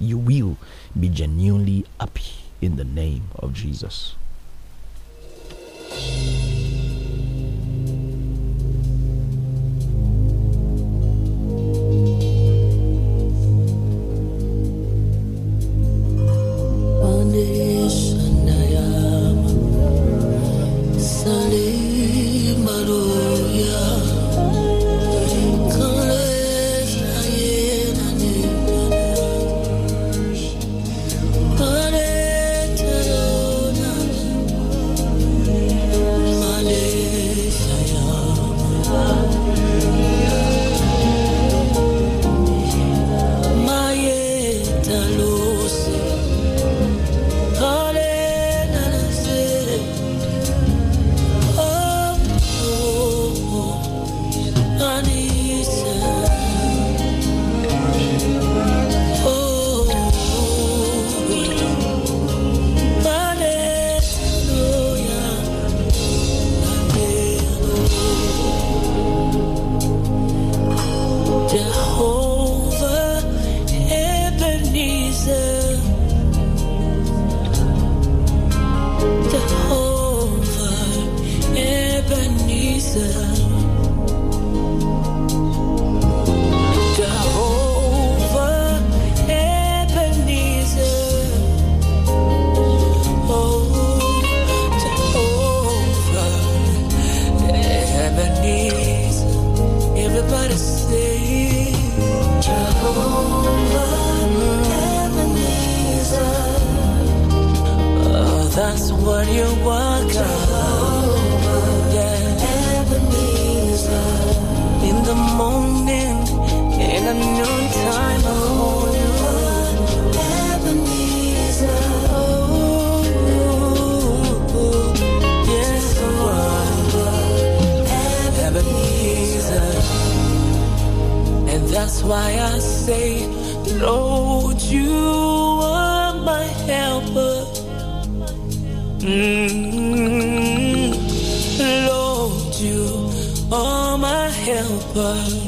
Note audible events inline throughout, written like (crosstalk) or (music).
you will be genuinely happy in the name of Jesus. you're welcome. In the morning, in the noontime, I hold you. That's why I say, Lord, you world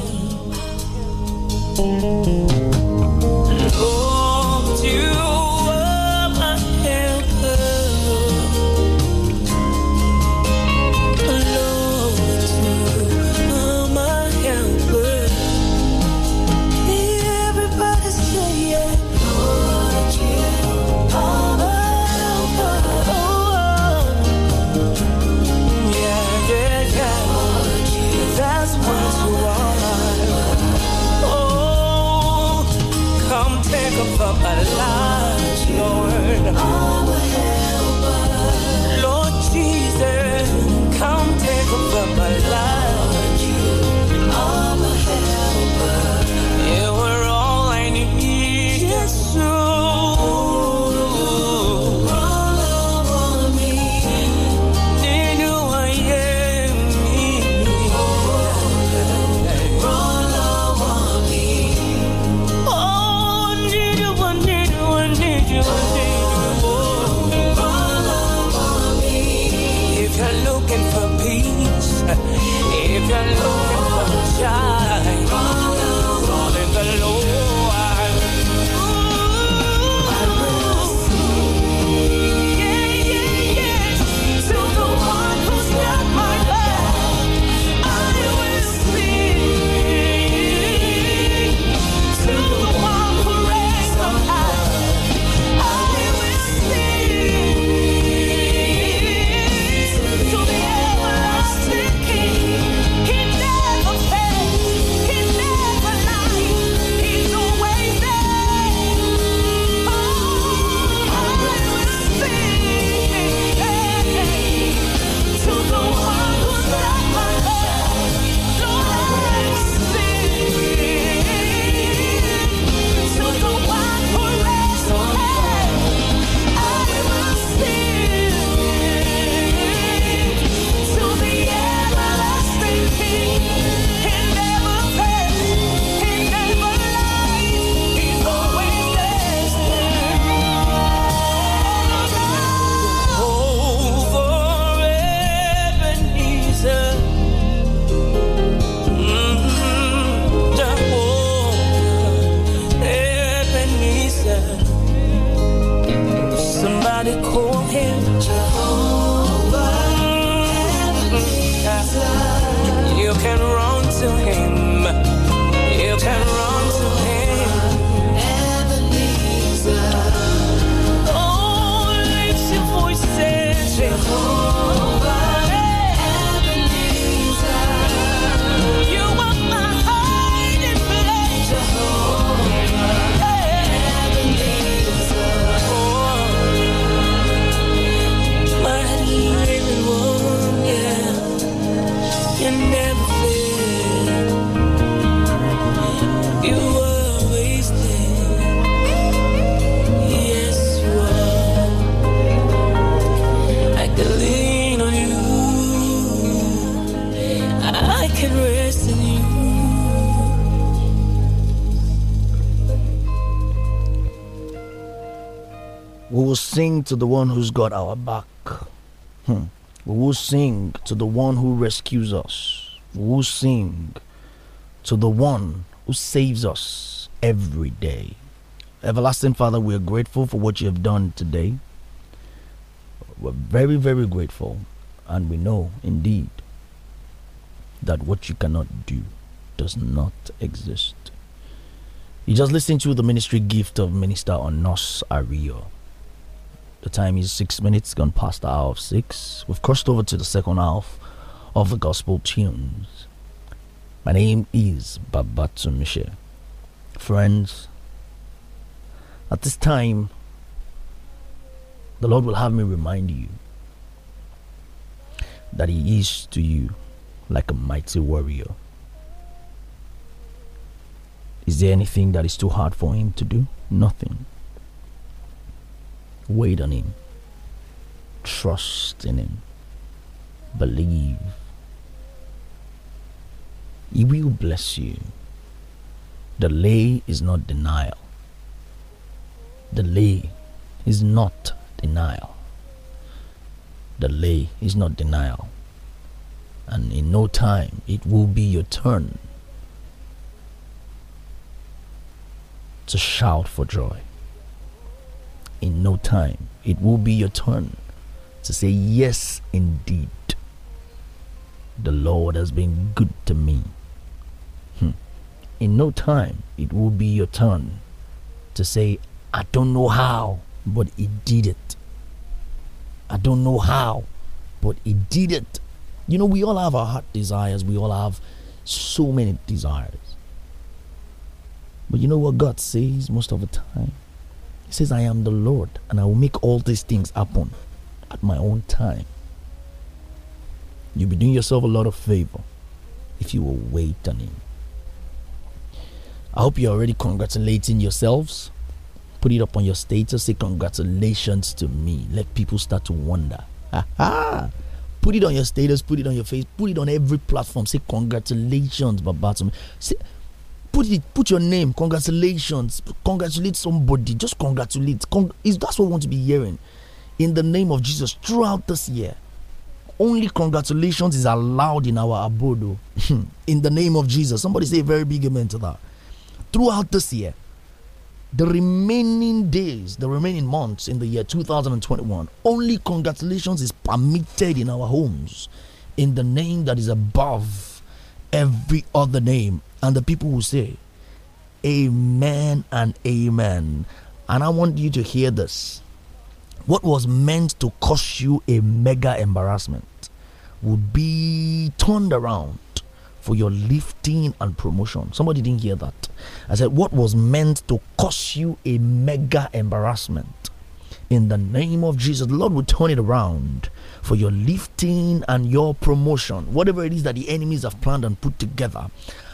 to the one who's got our back. Hmm. We will sing to the one who rescues us. We will sing to the one who saves us every day. Everlasting Father, we are grateful for what you have done today. We're very, very grateful. And we know indeed that what you cannot do does not exist. You just listen to the ministry gift of Minister Onos Ario. The time is six minutes gone past the hour of six. We've crossed over to the second half of the gospel tunes. My name is Babatunde. Friends, at this time, the Lord will have me remind you that He is to you like a mighty warrior. Is there anything that is too hard for Him to do? Nothing. Wait on Him. Trust in Him. Believe. He will bless you. Delay is not denial. Delay is not denial. Delay is not denial. And in no time it will be your turn to shout for joy in no time. It will be your turn to say, Yes, indeed. The Lord has been good to me. Hmm. In no time, it will be your turn to say, I don't know how, but He did it. I don't know how, but He did it. You know, we all have our heart desires, we all have so many desires. But you know what God says most of the time? says, I am the Lord and I will make all these things happen at my own time. You'll be doing yourself a lot of favor if you will wait on Him. I hope you're already congratulating yourselves. Put it up on your status. Say, Congratulations to me. Let people start to wonder. Aha! Put it on your status, put it on your face, put it on every platform. Say, Congratulations, Babatunde put it put your name congratulations congratulate somebody just congratulate Cong is that's what we want to be hearing in the name of jesus throughout this year only congratulations is allowed in our abodo oh. (laughs) in the name of jesus somebody say a very big amen to that throughout this year the remaining days the remaining months in the year 2021 only congratulations is permitted in our homes in the name that is above every other name and the people will say, Amen and Amen. And I want you to hear this. What was meant to cost you a mega embarrassment would be turned around for your lifting and promotion. Somebody didn't hear that. I said, What was meant to cost you a mega embarrassment? In the name of Jesus, the Lord will turn it around for your lifting and your promotion. Whatever it is that the enemies have planned and put together,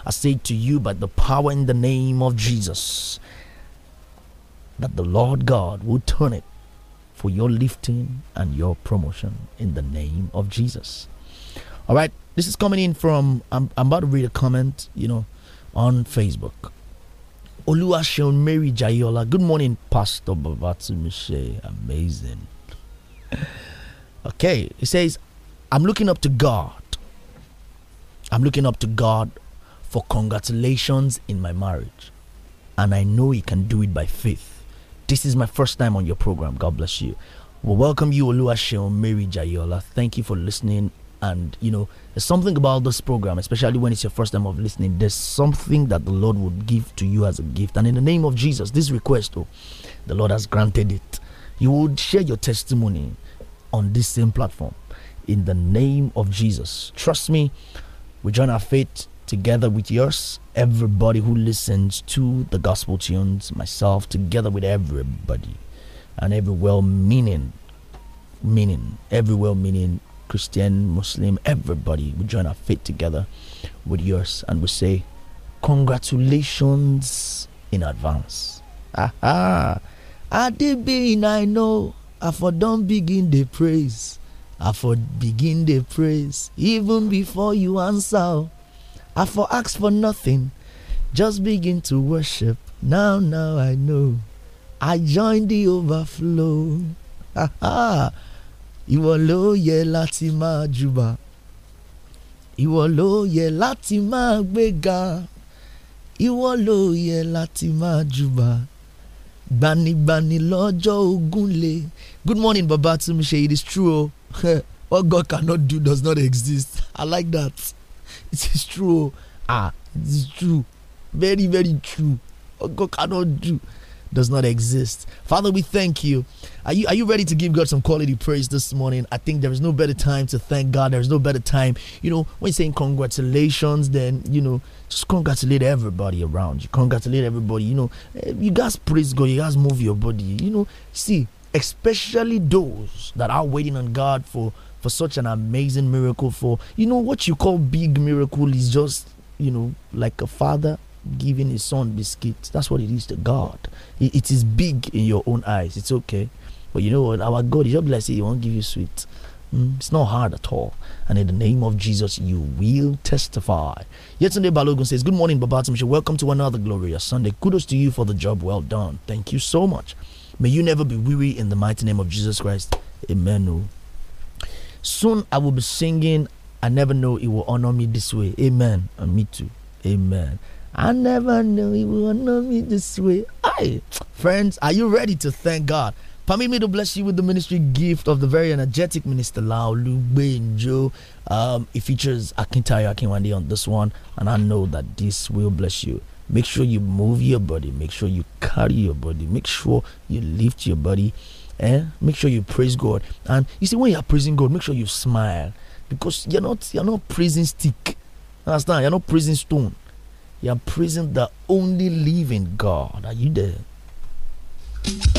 I say to you by the power in the name of Jesus that the Lord God will turn it for your lifting and your promotion in the name of Jesus. All right, this is coming in from, I'm, I'm about to read a comment, you know, on Facebook. Oluwaseun Mary Jayola. Good morning, Pastor Babatsumishe. Amazing. Okay, he says, I'm looking up to God. I'm looking up to God for congratulations in my marriage. And I know He can do it by faith. This is my first time on your program. God bless you. We we'll welcome you, Oluwaseun Mary Jayola. Thank you for listening. And you know, there's something about this program, especially when it's your first time of listening. There's something that the Lord would give to you as a gift. And in the name of Jesus, this request, oh, the Lord has granted it. You would share your testimony on this same platform. In the name of Jesus, trust me. We join our faith together with yours, everybody who listens to the gospel tunes, myself, together with everybody and every well meaning, meaning, every well meaning Christian, Muslim, everybody, we join our faith together with yours and we say, Congratulations in advance. Aha! I did being I know, I for don't begin the praise. I for begin the praise even before you answer. I for ask for nothing, just begin to worship. Now, now I know. I join the overflow. Ah ah! Ìwọ ló yẹ láti máa jùbà. Ìwọ ló yẹ láti máa gbéga. Ìwọ ló yẹ láti máa jùbà. Gbanigbani lọ́jọ́ ogun le. Good morning, Baba Tumise. It is true. Oh. (laughs) What God cannot do does not exist. I like that. (laughs) it is true ah it is true very very true what oh, god cannot do does not exist father we thank you are you are you ready to give god some quality praise this morning i think there is no better time to thank god there's no better time you know when you're saying congratulations then you know just congratulate everybody around you congratulate everybody you know eh, you guys praise god you guys move your body you know see especially those that are waiting on god for for such an amazing miracle. For you know what you call big miracle is just you know like a father giving his son biscuits. That's what it is to God. It, it is big in your own eyes. It's okay, but you know what? Our God is not blessed. he won't give you sweets. Mm, it's not hard at all. And in the name of Jesus, you will testify. Yetunde Balogun says, Good morning, Babatimishi. Welcome to another glorious Sunday. Kudos to you for the job well done. Thank you so much. May you never be weary in the mighty name of Jesus Christ. Amen. Oh. Soon I will be singing, I never know it will honor me this way. Amen. And uh, me too. Amen. I never know it will honor me this way. Hi, friends, are you ready to thank God? Permit me to bless you with the ministry gift of the very energetic minister Lao Lu Benjo. Um, it features Akintayo Akinwande on this one, and I know that this will bless you. Make sure you move your body, make sure you carry your body, make sure you lift your body eh? make sure you praise God. And you see, when you are praising God, make sure you smile because you're not you're not praising stick. Understand? You're not praising stone. You're praising the only living God. Are you there?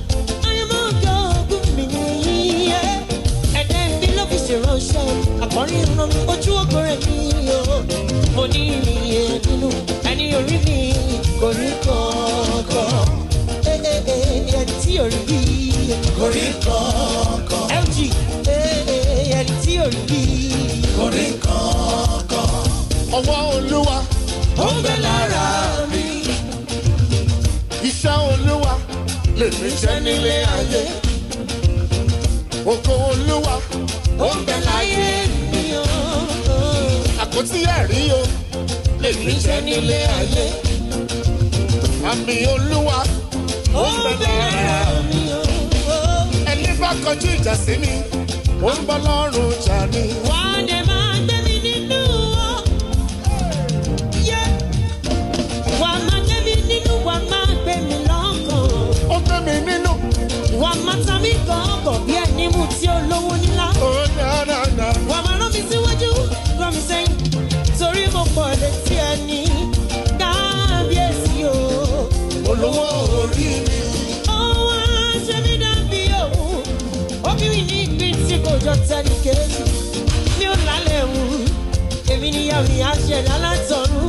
ti ránṣẹ́ àkọ́rin ìran ojú ọgbọ́n mi o mo ní ìyè nínú ẹni orí mi kò ẹni tí ò rí bí kò LG ẹni tí ò rí bí kò ọwọ́ olúwa ó ń bẹ lára mi iṣẹ́ olúwa lèmi jẹ́ nílé ayé ògo olúwa ó ń bẹ láyé mi o. àkótí ẹ̀rí o lèmi jẹ́ nílé ayé. àmì olúwa ó ń bẹ lára mi o. ẹni bá kọjú ìjà sí mi ó ń bọ́ lọ́rùn jà ni. wọ́n dé. jésù mi ò lálẹ́ wù èmi níyàwó ni a ṣẹ̀dá látọ̀run.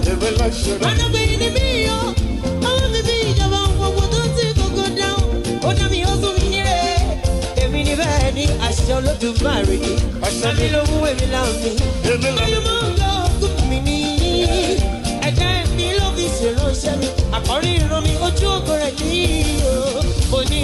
ọ̀nàgbẹ́ni ni mí yọ ọwọ́ mi bí ìjọba gbogbo tó ti gbogbo dáhùn ó dá mi ó sún mi níre èmi ni bẹ́ẹ̀ ni àṣẹ olódùmarè ni àmì ló mú èmi láwọn mi lórí mọ́ lọ kún mi ní ẹ̀dá mi ló fi ṣèrànṣẹ́ mi àkọ́rí ìran ojú ògo rẹ̀ ní ìyó. Okay,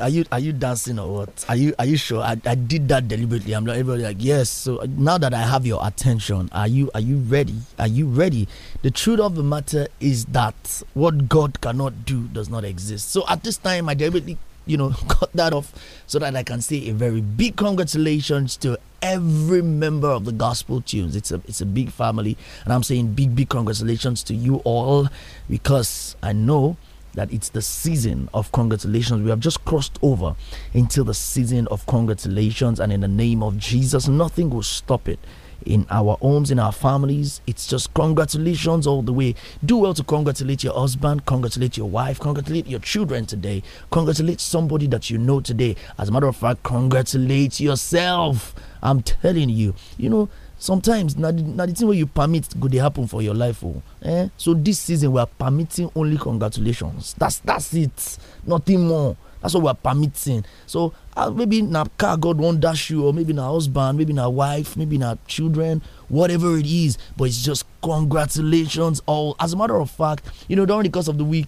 are you are you dancing or what? Are you are you sure? I, I did that deliberately. I'm like everybody like yes. So now that I have your attention, are you are you ready? Are you ready? The truth of the matter is that what God cannot do does not exist. So at this time, I deliberately you know, (laughs) cut that off so that I can say a very big congratulations to every member of the gospel tunes. It's a it's a big family, and I'm saying big, big congratulations to you all because I know that it's the season of congratulations. We have just crossed over into the season of congratulations, and in the name of Jesus, nothing will stop it in our homes, in our families. It's just congratulations all the way. Do well to congratulate your husband, congratulate your wife, congratulate your children today, congratulate somebody that you know today. As a matter of fact, congratulate yourself. I'm telling you, you know. Sometimes na the, na the thing where you permit good to happen for your life oh. Eh? So this season we are permitting only congratulations. That's that's it. Nothing more. That's what we're permitting. So uh, maybe na car God won't dash you, or maybe na husband, maybe na wife, maybe na children, whatever it is. But it's just congratulations all. As a matter of fact, you know during the course of the week,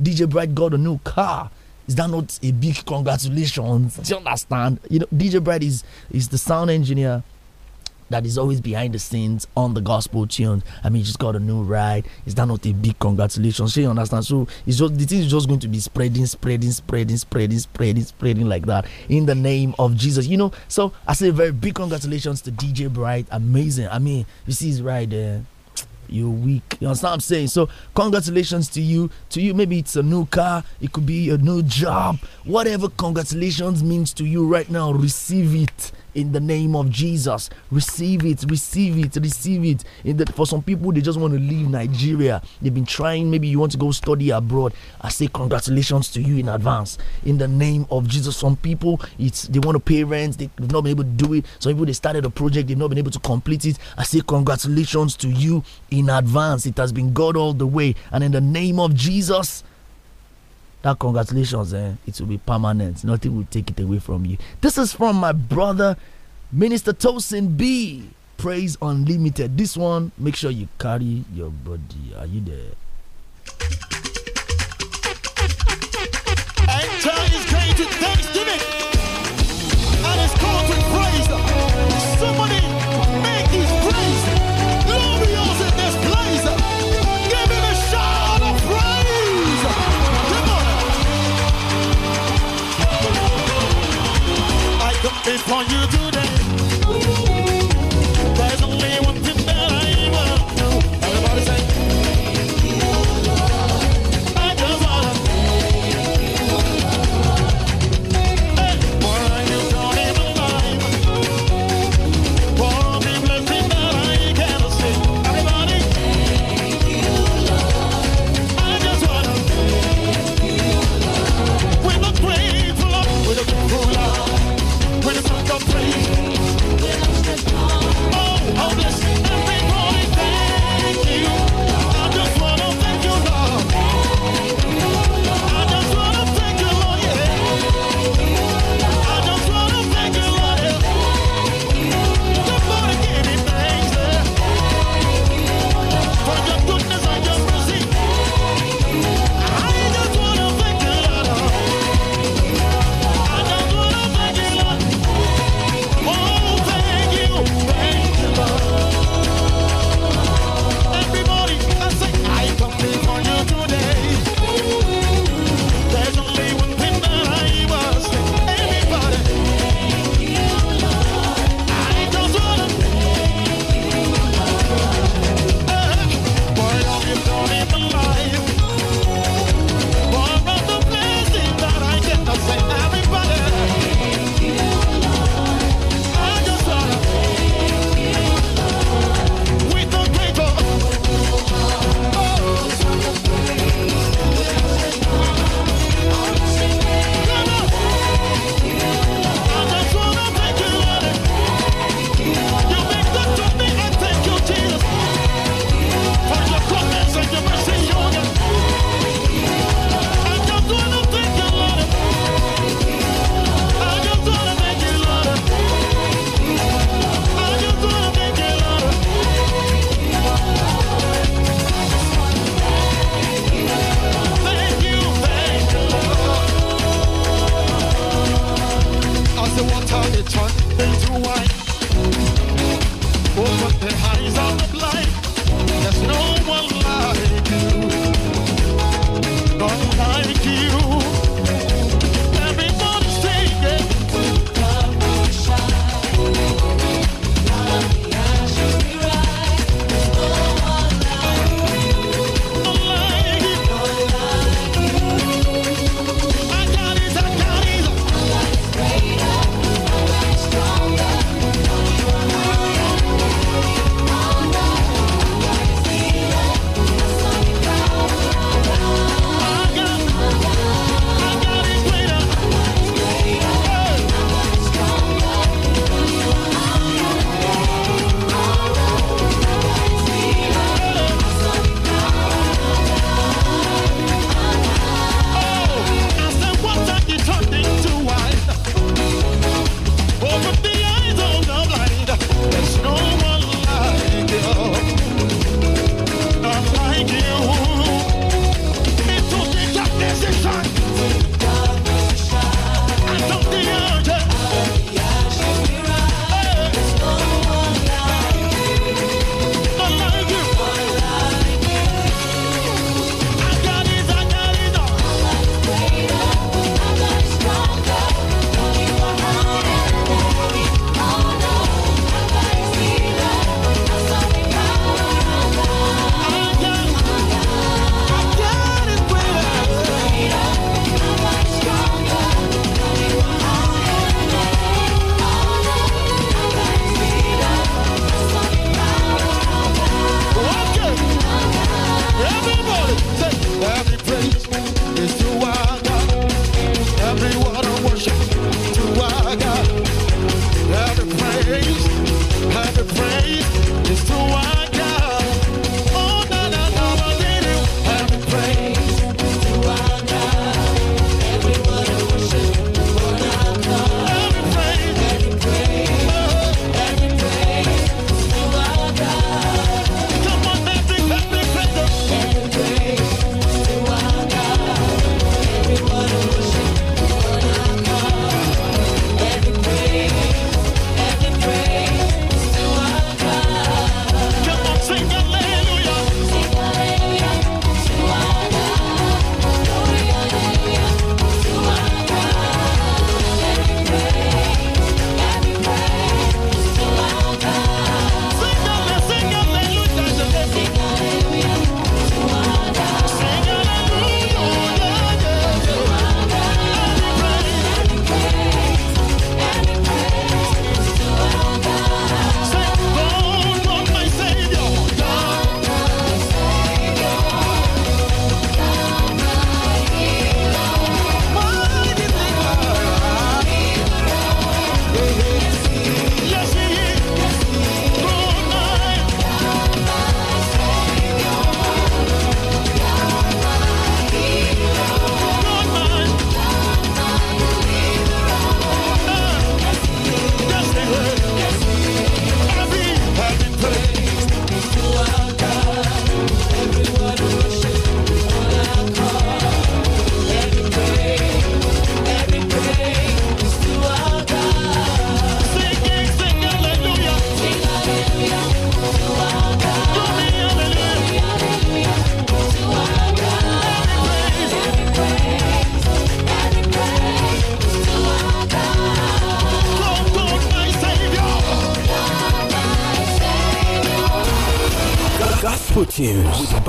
DJ Bright got a new car. Is that not a big congratulations? Do you understand? You know DJ Bright is is the sound engineer that is always behind the scenes on the gospel tune. I mean, she's got a new ride. Is that not a big congratulations? She understands. So it's just the thing is just going to be spreading, spreading, spreading, spreading, spreading, spreading like that in the name of Jesus. You know. So I say very big congratulations to DJ Bright. Amazing. I mean, you see, right uh, there you're weak. You understand what I'm saying? So congratulations to you. To you, maybe it's a new car, it could be a new job. Whatever congratulations means to you right now, receive it in the name of Jesus. Receive it, receive it, receive it. The, for some people, they just want to leave Nigeria. They've been trying, maybe you want to go study abroad. I say congratulations to you in advance. In the name of Jesus. Some people it's they want to pay rent, they've not been able to do it. Some people they started a project, they've not been able to complete it. I say congratulations to you in advance. It has been God all the way. And in the name of Jesus, that congratulations, eh, it will be permanent. Nothing will take it away from you. This is from my brother, Minister Tosin B. Praise Unlimited. This one, make sure you carry your body. Are you there?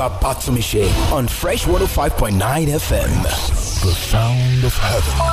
Baba on Fresh 105.9 FM. The sound of heaven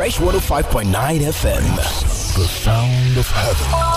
Fresh 105.9 FM. The sound of heaven.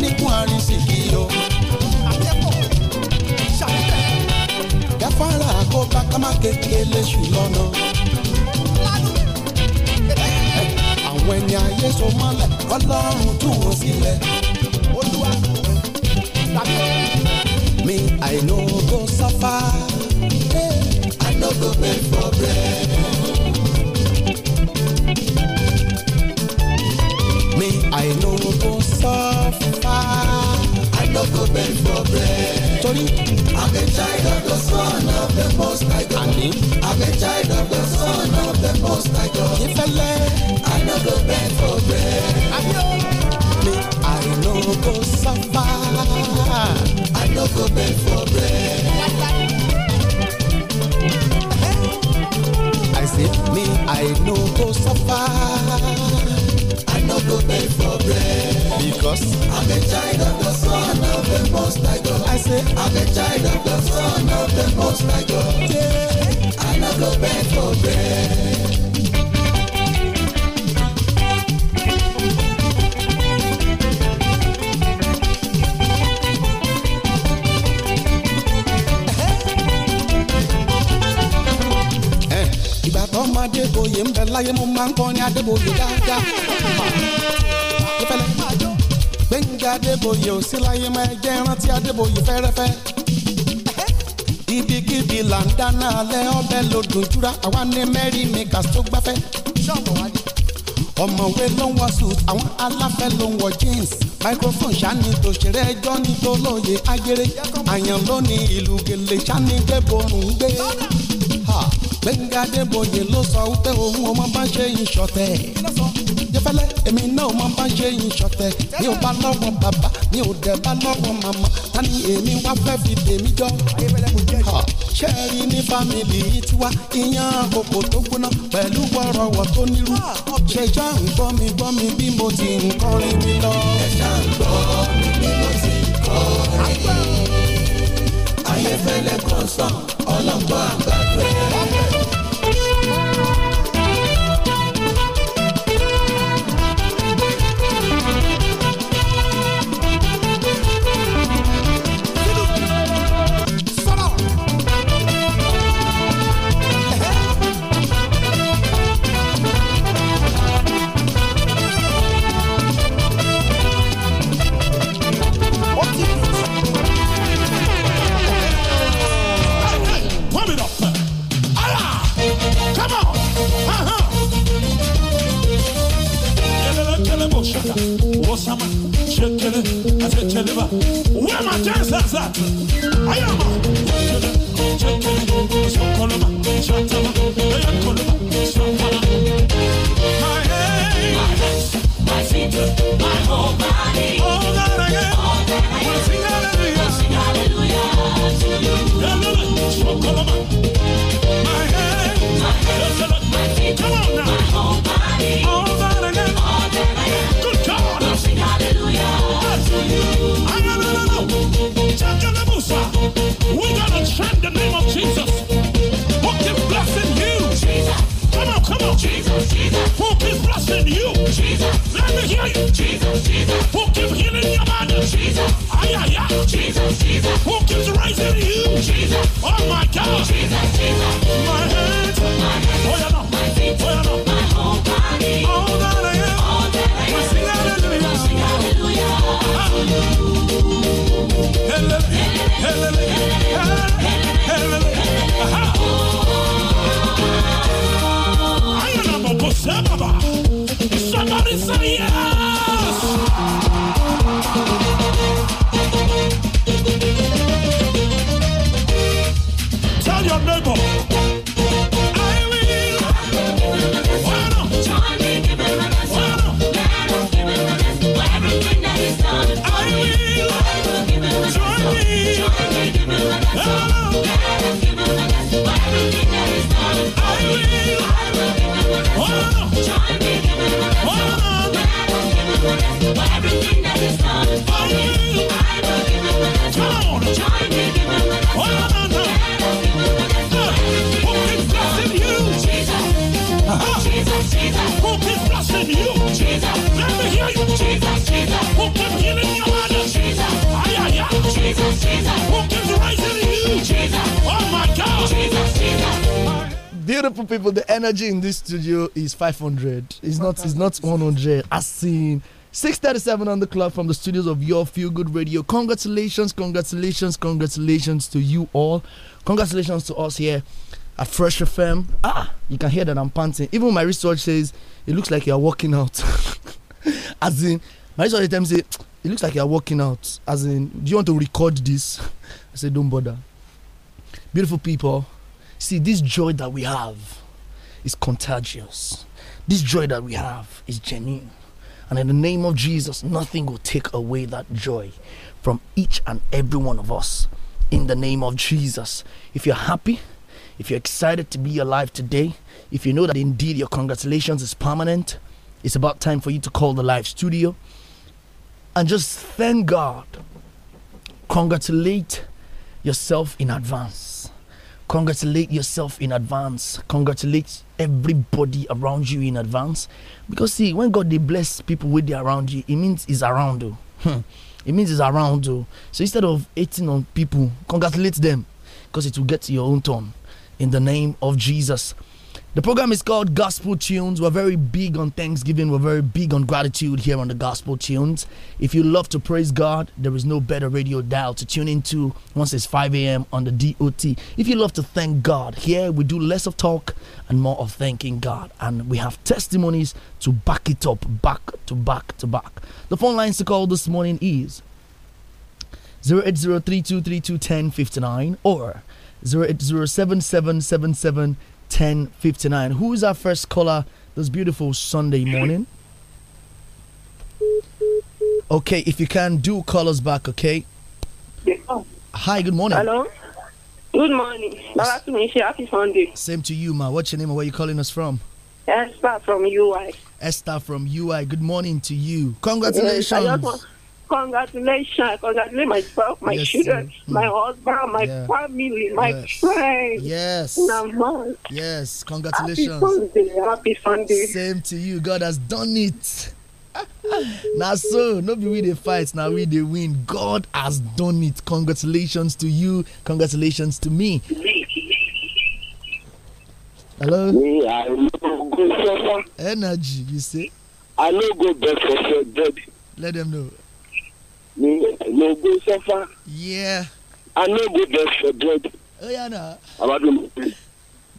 níkun àrísìkì o. gáfárà kó bá kékeré ṣù àwọn ẹni ayé so mọ́lẹ̀ ọlọ́run tú wọn sílẹ̀. olúwa tàbí. me i no go suffer. i no go beg for bread. me i no go suffer no go bend for bread. Sorry. I'm a child of the son of the most high God. I'm a child of the son of the most high God. Ifele. I no go bend for bread. I know. Me, I no go suffer. I no go bend for bread. I say me, I no go suffer. I no go beg for bread. Because I'm a child of the Son of the Most High God. I say I'm a child of the Son of the Most High God. Yeah. I no go beg for bread. ìgbà tó ń bẹ láyé mo máa ń kọrin adébòye dáadáa. Adébóyè ò sí láyé mọ́ ẹjẹ́ rántí Adébóyè fẹ́rẹ́fẹ́. ibikíbi là ń dáná alẹ́ ọbẹ̀ lòdùn jura àwa ní mẹ́rí makers tó gbáfẹ́. ọ̀mọ̀wé ló ń wọ suit àwọn aláfẹ́ ló ń wọ jeans microphone ṣáni tòṣèré ẹjọ́ ní tolóye ayére àyàn ló ní ìlú gèlè ṣáni gbẹ́bọ̀rùn ń gbé. Gbẹ́ngà Adébóyè ló sọ wípé òun ò bá ṣe ìṣọ̀tẹ̀ fẹ́lẹ́ èmi náà máa bá ṣe yín mi ò bá lọ́wọ́ bàbá mi ò dẹ̀ bá lọ́wọ́ màmá ta ni èmi wá fẹ́ fi tèmi jọ. ṣé ẹ rí ní fámìlì yìí tiwa ìyàn àkókò tó gbóná pẹ̀lú wọ́rọ̀wọ́ tó nírú. ṣe já ń gbọ́ mi gbọ́ mi bí mo ti ń kọrin mi lọ. ẹ já ń gbọ́ mi bí mo ti ń kọrin. ayẹfẹlẹ kan sàn ọlọ́gbọ́n àgbàdo ẹ̀. my hands, my feet, my whole body. All that I am. sing hallelujah. hallelujah My hands, my feet, come on now. My whole body. All Jesus, Jesus. Who keeps healing your body? Jesus. Jesus, Jesus. Who raising you? Jesus. Oh my God. Jesus, Jesus. Oh Beautiful people, the energy in this studio is 500. It's not. It's not 100. I seen. 637 on the clock from the studios of Your Feel Good Radio. Congratulations, congratulations, congratulations to you all. Congratulations to us here at Fresh FM. Ah, you can hear that I'm panting. Even my research says it looks like you're working out. (laughs) As in, my research says it looks like you're working out. As in, do you want to record this? (laughs) I said, don't bother. Beautiful people, see, this joy that we have is contagious. This joy that we have is genuine. And in the name of Jesus, nothing will take away that joy from each and every one of us. In the name of Jesus. If you're happy, if you're excited to be alive today, if you know that indeed your congratulations is permanent, it's about time for you to call the live studio and just thank God. Congratulate yourself in advance. Congratulate yourself in advance. Congratulate everybody around you in advance. Because see, when God they bless people with they around you, it means it's around you. Oh. Hmm. it means it's around you. Oh. So instead of hating on people, congratulate them. Because it will get to your own turn. In the name of Jesus. The program is called Gospel Tunes. We're very big on Thanksgiving. We're very big on gratitude here on the Gospel Tunes. If you love to praise God, there is no better radio dial to tune into once it's 5 a.m. on the DOT. If you love to thank God, here we do less of talk and more of thanking God. And we have testimonies to back it up, back to back to back. The phone lines to call this morning is 08032321059 or 0807777 10:59. Who is our first caller this beautiful Sunday morning? Okay, if you can, do call us back, okay? Hi, good morning. Hello. Good morning. Happy Sunday. Same to you, ma. What's your name and where are you calling us from? Esther from UI. Esther from UI. Good morning to you. Congratulations. Yes, Congratulations. Congratulate myself, my yes, children, my husband, my yeah. family, my yes. friends. Yes. Naman. Yes. Congratulations. Happy Sunday. Happy Sunday. Same to you. God has done it. (laughs) now so no be we dey fight now we dey win god has done it congratulations to you congratulations to me hello energy you say i know go back for your daddy let them know no go suffer. Yeah. I no go vex for dread. Oh, yeah, no.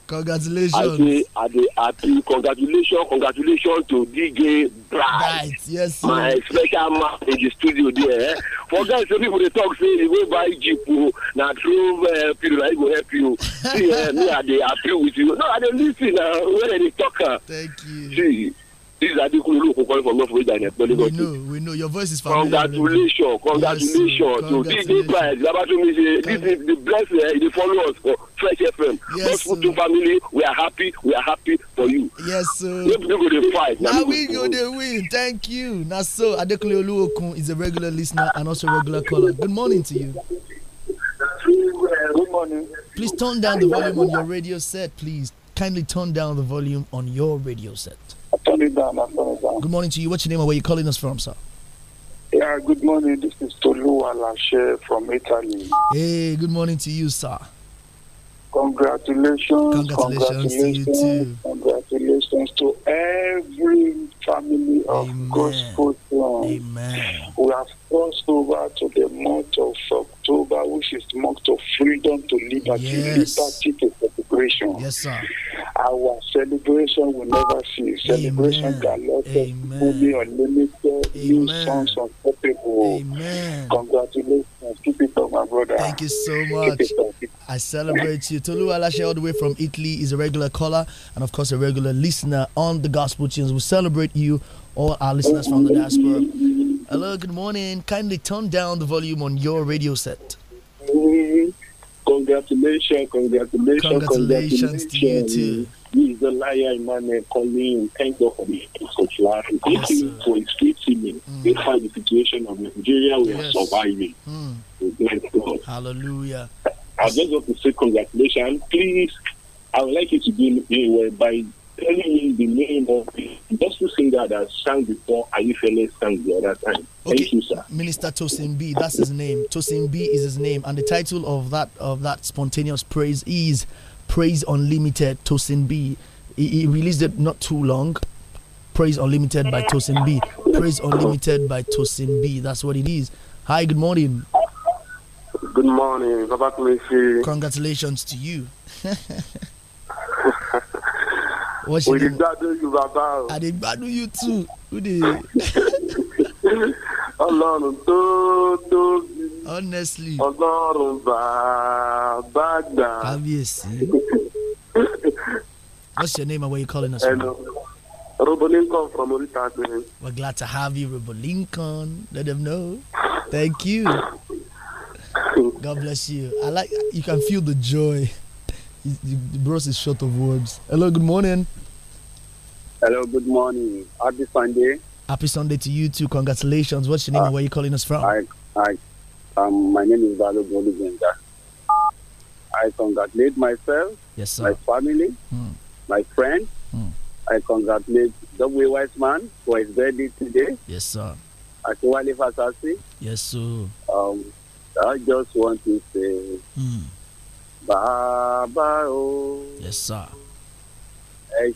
Congratulations. I dey I dey happy. Congratulations, congratulations to DJ Bright. Bright, yes sir. My special man in the studio there. Eh? For guys, some people dey talk say you go buy jeep o, na through uh, eh, period na go help you. See, uh, me I dey happy with you. No, I dey lis ten na uh, when I dey talk am. Thank you. See this adekunle olóòkú calling from north florida in ekpele gọtí. we know we know your voice is familiar. congratulations congratulations yes, to dj price labatunmi say this is the blessed uh, the follow for fresh fm. yes so two family we are happy we are happy for you. yes so no be go dey fight. na we go dey win thank you na so adekunle olóòkun is a regular listener and also regular caller good morning to you. good morning. please turn down the volume on your radio set please kindly turn down the volume on your radio set. Good morning to you. What's your name and where you calling us from, sir? Yeah, good morning. This is Tolu Alashe from Italy. Hey, good morning to you, sir. Congratulations. Congratulations, congratulations to you too. Congratulations to every family of Amen. Gospel Plan. Amen. We have crossed over to the month of October, which is month of freedom to liberty, yes. liberty to celebration. Yes, sir. Our celebration will never cease. Celebration galore, be unlimited, new songs uncountable. Amen. Congratulations. Keep it up, my brother. Thank you so much. I celebrate you. Tolu Alashe, all the way from Italy, is a regular caller and, of course, a regular listener on the Gospel Tunes. We celebrate you, all our listeners from the diaspora. Hello, good morning. Kindly turn down the volume on your radio set. Congratulations, congratulations, congratulations, congratulations to you too. He is a liar, Emmanuel Colleen. Thank God for the such life. Thank you for his faithfulness. Mm. Despite the situation of Nigeria, we yes. are surviving. Mm. Thank God. Hallelujah. I just want to say congratulations. Please, I would like you to do me well by telling me the name of the gospel singer that sang before Ayifele sang the other time. Okay. Thank you, sir. Minister B. that's his name. Tosin B. is his name, and the title of that of that spontaneous praise is Praise Unlimited Tosin He, he released it not too long. Praise Unlimited by Tosin B. Praise Unlimited by Tosin B. That's what it is. Hi, good morning. Good morning, Baba Congratulations to you. (laughs) What's your we name? gbádùn you bàbá o. àdè gbádùn you too. who dey. (laughs) ọlọ́run tó tóbi. honestly. ọlọ́run bàbá gbà. kábíyèsí. what's your name and where you calling us from. Robo Lincoln from Orita. We're glad to have you, Robo Lincoln. Let them know. Thank you. (laughs) God bless you. I like you can feel the joy. The bros is short of words. Hello, good morning. Hello, good morning. Happy Sunday. Happy Sunday to you too. Congratulations. What's your name uh, and ah, where are you calling us from? Hi, hi. um, my name is Valo Boligenga. I congratulate myself, yes, sir. my family, Hmm. my friends. Hmm. I congratulate the Wise Man for his birthday today. Yes, sir. Akiwale Fasasi. Yes, sir. Um, I just want to say, mm. Baba, oh. Yes, sir. I,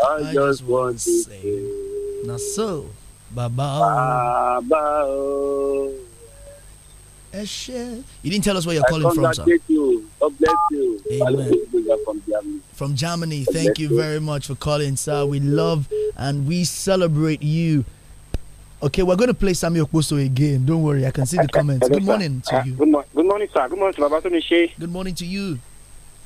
I just want to say, not so, Baba, oh. Baba, oh. You didn't tell us where you're I calling from, sir. You. God bless you. Amen. From Germany. From Germany. Thank you very much for calling, sir. We love and we celebrate you Okay, we're going to play Samuel Okposo again. Don't worry, I can see the comments. Hello, good morning sir. to uh, you. Good, mo good, morning, sir. Good morning to Babatunde Good morning to you.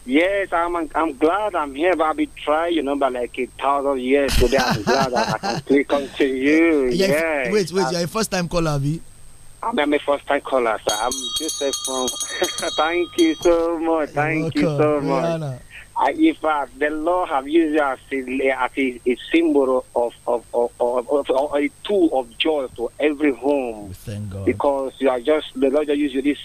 Yes, I'm I'm glad I'm here, but I've been trying, you know, but like a thousand years today. I'm glad I can speak to (laughs) you. Yeah, yes. Wait, wait, Your uh, you're a first time caller, Abi. I'm a first time caller, sir. I'm Joseph from. (laughs) Thank you so much. Thank you so much. Rihanna. Uh, if uh, the law have used it as a, as a, a symbol of, of, of, of, of a tool of joy to every home, thank God. because you are just the Lord, just used you this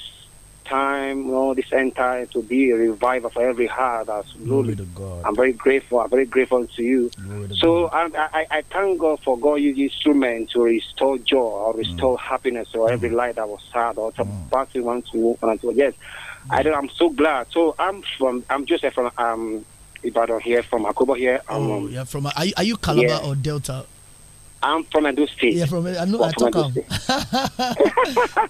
time, you know, this end time to be a revival for every heart. That's glory to God. I'm very grateful. I'm very grateful to you. To so I, I, I, thank God for God using instrument to restore joy or restore mm. happiness or mm. every light that was sad or to mm. pass one to one to yes. I don't. I'm so glad. So I'm from. I'm Joseph from um Ibadan here, from Akobo here. Oh, um, oh, yeah. From are you, are you Calabar yeah. or Delta? I'm from Edo State. Yeah, from I know I (laughs)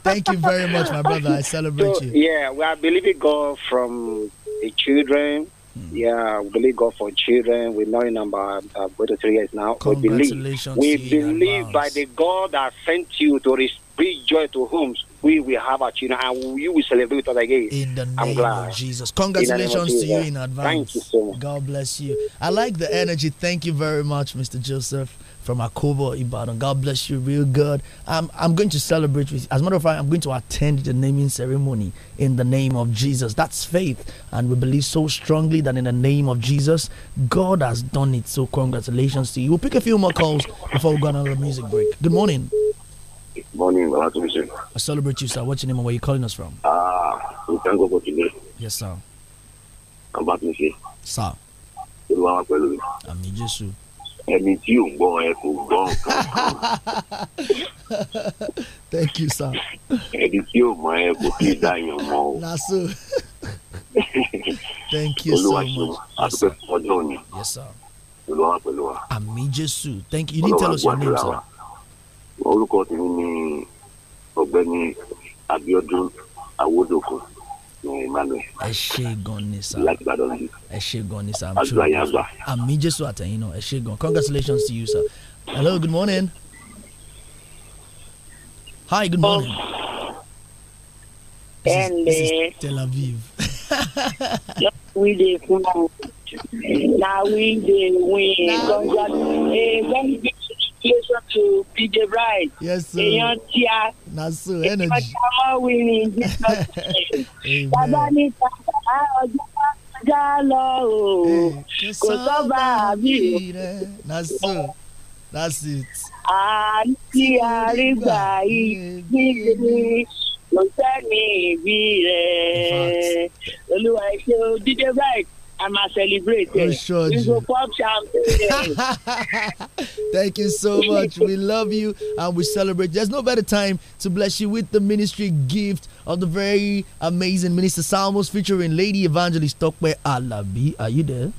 Thank you very much, my brother. I celebrate so, you. Yeah, we are believing God from the children. Mm. Yeah, we believe God for children. We know in number uh, to three years now. We believe. We believe by the God that sent you to bring joy to homes we will have our children and you will celebrate us again. In the name of Jesus. Congratulations to you in advance. Thank you so much. God bless you. I like the energy. Thank you very much, Mr. Joseph from Akobo Ibadan. God bless you, real good. I'm I'm going to celebrate with you. As a matter of fact, I'm going to attend the naming ceremony in the name of Jesus. That's faith, and we believe so strongly that in the name of Jesus, God has done it. So, congratulations to you. We'll pick a few more calls before we go on another music break. Good morning. Good Morning, Olatunji. I celebrate you, sir. What's your name and where you calling us from? Ah, uh, we thank God for today. Yes, sir. Come back to Sir. Olúwa wà pẹ̀lú mi. Àmì Jésù. Ẹni tí ò ń gbọ́ ẹ kò (laughs) Thank you, sir. Ẹni tí ò mọ ẹ kò kí ìdáyàn mọ o. Na (laughs) so. Thank you so much. Olúwa ṣe ọjọ́ òní. Yes, sir. Olúwa wà pẹ̀lú wa. Àmì Jésù. Thank you. You need to tell us your name, sir. orúkọ tèmi ni ọ̀gbẹ́ni Abíọ́dún Awódòkun ẹ ṣe gan ni sir. láti Ìbàdàn yìí. ẹ ṣe gan ni sir. àdúrà yẹn àgbà. àmì Jésù àtẹ̀yìn náà ẹ ṣe gan congratulations to you sir. hello good morning. hi good morning. ẹ oh. ǹlẹ́. this is Tel Aviv. (laughs) we dey fun na we dey win congratulations to PJ Bright. Yes, sir. Èèyàn tí a. Na so energy. Ìpàdé àmọ́ wìrì Jesus. Bàbá mi ta ọjọ́ já lọ o. Kò sọ́ba àbí rẹ̀. Na so that's it. Àǹtí àrígbà ìgbìlẹ̀ kò sẹ́ni ìbí rẹ̀. Olúwa ṣe o, DJ Bright. I am celebrate. Oh, sure. pop (laughs) Thank you so much. We love you and we celebrate. There's no better time to bless you with the ministry gift of the very amazing Minister Salmos featuring Lady Evangelist Tokwe Alabi. Are you there?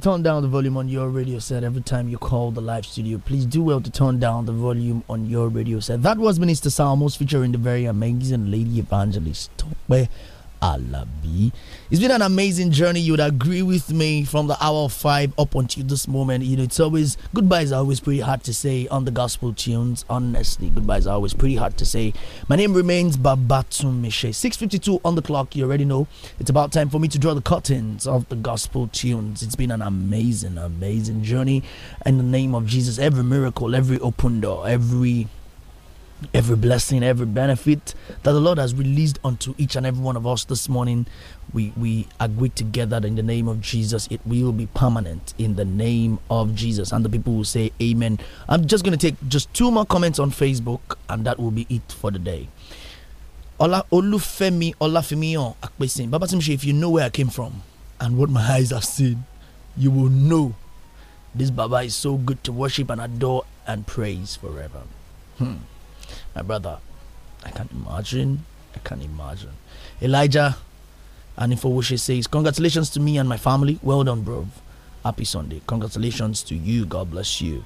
to turn down the volume on your radio set every time you call the live studio. Please do well to turn down the volume on your radio set. That was Minister Salmos featuring the very amazing Lady Evangelist Where Alabi. It's been an amazing journey. You would agree with me from the hour five up until this moment. You know, it's always goodbyes are always pretty hard to say on the gospel tunes. Honestly, goodbyes are always pretty hard to say. My name remains Babatun Mishe. 6:52 on the clock. You already know it's about time for me to draw the curtains of the gospel tunes. It's been an amazing, amazing journey. In the name of Jesus, every miracle, every open door, every every blessing, every benefit that the Lord has released unto each and every one of us this morning. We we agree together in the name of Jesus. It will be permanent in the name of Jesus. And the people will say Amen. I'm just gonna take just two more comments on Facebook, and that will be it for the day. Ola Olufemi Olafimion Akpesin. Baba Timshi, if you know where I came from and what my eyes have seen, you will know this Baba is so good to worship and adore and praise forever. Hmm. My brother, I can imagine. I can imagine. Elijah Anifowoshe says, Congratulations to me and my family. Well done, bro. Happy Sunday. Congratulations to you. God bless you.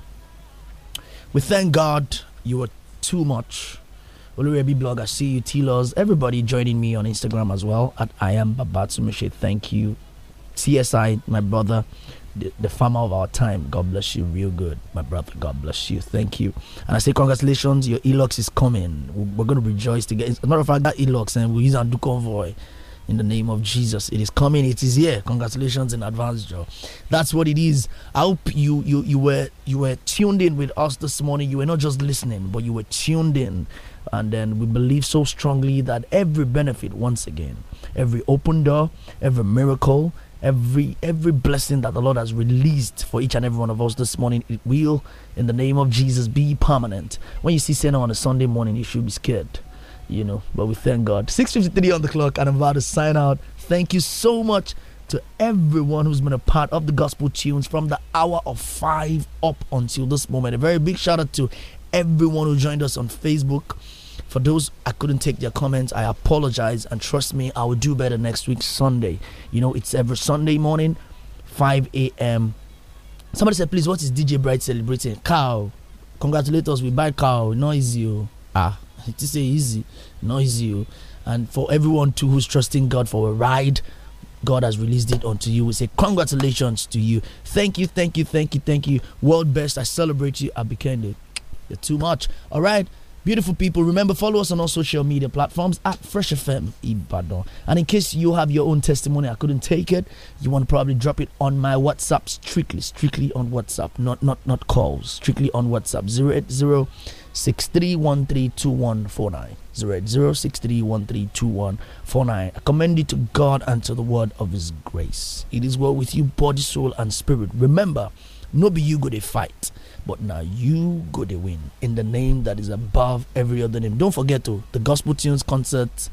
We thank God you were too much. Olurebi blogger, see you, Tilos. Everybody joining me on Instagram as well at I am Babatsumeshe. Thank you. CSI, my brother the, farmer of our time. God bless you, real good, my brother. God bless you. Thank you. And I say, congratulations, your elox is coming. We're going to rejoice together. As a matter of fact, that Elux, and eh, we use and do convoy in the name of Jesus. It is coming. It is here. Congratulations in advance, Joe. That's what it is. I hope you you you were you were tuned in with us this morning. You were not just listening, but you were tuned in. And then we believe so strongly that every benefit, once again, every open door, every miracle, Every every blessing that the Lord has released for each and every one of us this morning, it will, in the name of Jesus, be permanent. When you see Senna on a Sunday morning, you should be scared. You know, but we thank God. 6.53 on the clock, and I'm about to sign out. Thank you so much to everyone who's been a part of the gospel tunes from the hour of five up until this moment. A very big shout out to everyone who joined us on Facebook for those I couldn't take their comments, I apologize and trust me, I will do better next week Sunday. You know, it's every Sunday morning, 5 a.m. Somebody said, please, what is DJ Bright celebrating? Cow. Congratulate us, we buy cow. Noisy, easy. Oh. Ah, it (laughs) is easy. Not easy. Oh. And for everyone too who's trusting God for a ride, God has released it unto you. We say congratulations to you. Thank you, thank you, thank you, thank you. World best. I celebrate you, I be candid. You're too much. All right. Beautiful people, remember follow us on all social media platforms at Fresh FM Ibadan. And in case you have your own testimony, I couldn't take it. You want to probably drop it on my WhatsApp strictly, strictly on WhatsApp, not not not calls, strictly on WhatsApp. zero eight zero six three one three two one four nine zero eight zero six three one three two one four nine. I commend you to God and to the word of His grace. It is well with you, body, soul, and spirit. Remember. No be you go to fight, but now you go to win in the name that is above every other name. Don't forget to oh, the Gospel Tunes concert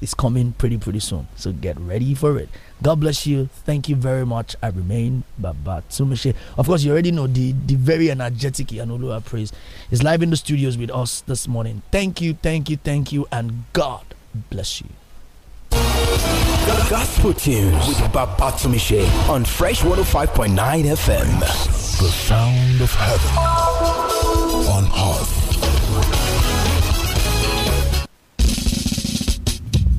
is coming pretty pretty soon. So get ready for it. God bless you. Thank you very much. I remain Baba Tumishe. Of course, you already know the, the very energetic Yanolua Praise is live in the studios with us this morning. Thank you, thank you, thank you, and God bless you. Gospel tunes with Babatunde Tumiche on Fresh 105.9 FM. The sound of heaven on earth.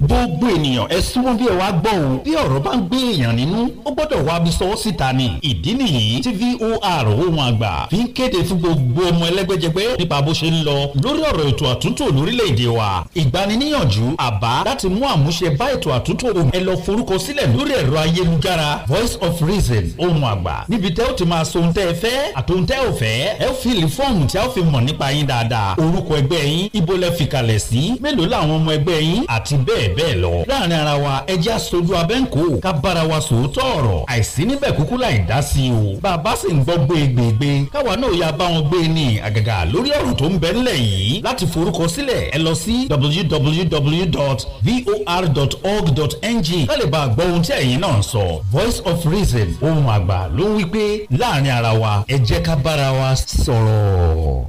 gbogbo ènìyàn ẹ súnmọ́ bí ẹ wá gbọ́ o bí ọ̀rọ̀ bá ń gbé èèyàn nínú ó gbọ́dọ̀ wá bí sọ́wọ́ síta ni ìdí nìyí tí VOR ohun àgbà fi ń kéde fún gbogbo ọmọ ẹlẹ́gbẹ́jẹgbẹ́ nípa bó ṣe ń lọ lórí ọ̀rọ̀ ètò àtúntò lórílẹ̀‐èdè wa ìgbaniníyànjú àbá láti mú àmúṣe bá ètò àtúntò ohun ẹ lọ forúkọ sílẹ̀ lórí ẹ̀rọ ayélujára Voice of Reason ohun àgbà níbi tẹ́ ó ti máa sọ ohun tẹ́ ẹ fẹ́ àtohun tẹ́ ò fẹ́ ẹ ó fìlì fọ́ọ̀mù tí a ó fi mọ̀ nípa yín dáadáa orúkọ ẹgbẹ́ yín ibo lẹ fi kalẹ̀ sí mélòó làwọn ọmọ ẹgbẹ́ yín àti bẹ́ẹ̀ bẹ́ẹ̀ bẹ́ẹ̀ lọ. láàrin ara wa ẹjẹ́ aṣojú abẹ́ǹkó ká bára wa sòótọ́ ọ̀rọ̀ àìsí níbẹ̀ kúkú láì dá sí i o. bàbá sì ń gbọ́ gbégbégbé káwa náà yà bá wọn gbé ní àgàgà lórí ọ̀rọ̀ tó ń bẹ ńlẹ̀ yìí láti forúkọ sílẹ̀ ẹ lọ sí www.vor.org.ng ká lè bá gbọ́ ohun tí ẹ̀yin náà ń sọ voice of reason ohun àgbà ló ń wí pé láàrin ara wa ẹ ká bára wa sọ̀rọ̀.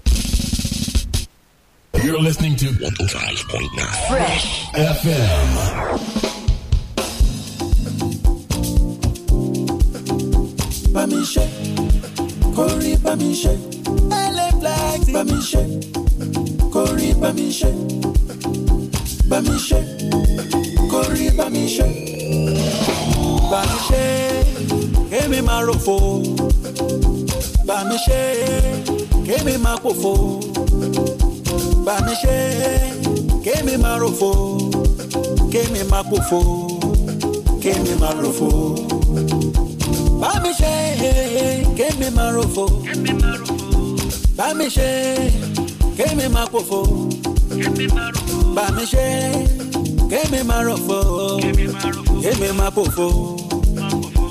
You're listening to 105.9 Fresh FM. Bami ṣe, kórè bami ṣe, ẹlẹ́flẹ́tì bami ṣe, kórè bami ṣe, bami ṣe, kórè bami ṣe. Bami ṣe, kémi máa ròfo, bami kémi máa pòfo bá mi ṣe kémi máa ròfo kémi máa pòfo kémi máa ròfo bá mi ṣe kémi máa ròfo bá mi ṣe kémi máa pòfo bá mi ṣe kémi máa ròfo kémi máa pòfo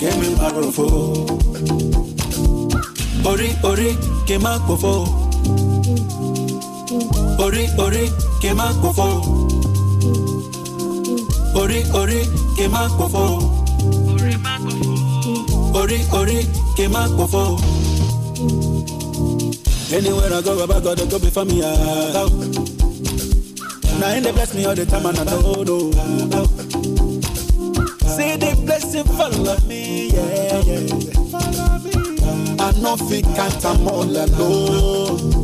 kémi máa ròfo orí orí kí n máa pòfo orí orí kì í má gbòfo orí orí kì í má gbòfo orí orí kì í má gbòfo. Anywhere I go, Baba God, go for me. Ah, ah. now they bless me all the time, and I don't know. Ah, Say the blessing follow me, yeah, yeah. I know fi can't, I'm all alone.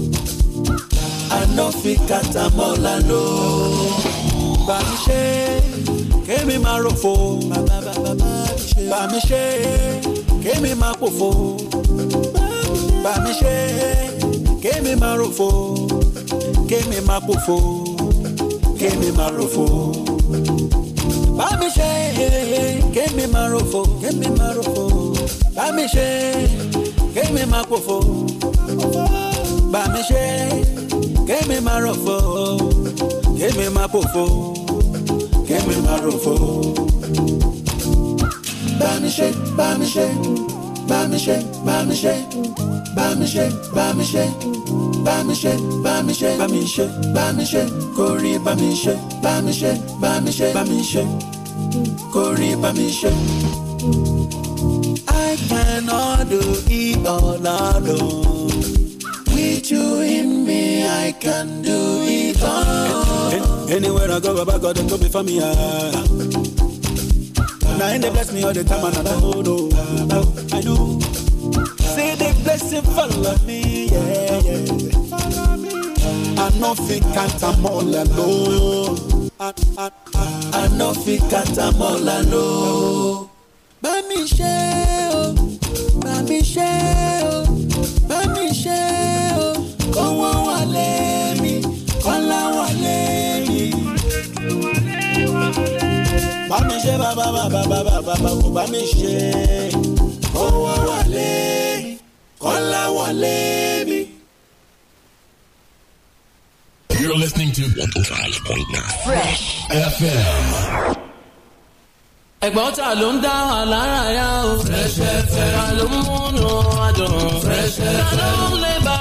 I no fit cut am all alone. Bá mi ṣe, kémi máa ròfo. Bá mi ṣe, kémi máa pòfo. Bá mi ṣe, kémi máa ròfo. Kémi máa pòfo. Kémi máa ròfo. Bá mi ṣe, kémi máa ròfo. Kémi máa ròfo. Bá mi ṣe, kémi máa pòfo. Bá ṣe kémi máa ròfò kémi máa pòfò kémi máa ròfò. bá mi ṣe bá mi ṣe bá mi ṣe bá mi ṣe bá mi ṣe bá mi ṣe bá mi I cannot do it all alone. with you in me, I can do it all. Anywhere I go, Baba God, them be for me. Ah. Now, Now they bless me all the time, and I don't know. Ah. I do. Say they blessing follow me, yeah, yeah. I know fit can't I'm all alone. I, I, I, I can't I'm all alone. Bá mi ṣe o, bá bàbá owó wọlé kọ́lá wọlé mi. You're listening to 105.9 Fresh FM ẹ̀gbọ́n ta ló ń dá wa lára yá o. fẹsẹ̀fẹ̀ ta ló ń múnú wa dùn. fẹsẹ̀fẹ̀ ta ló ń lé bá.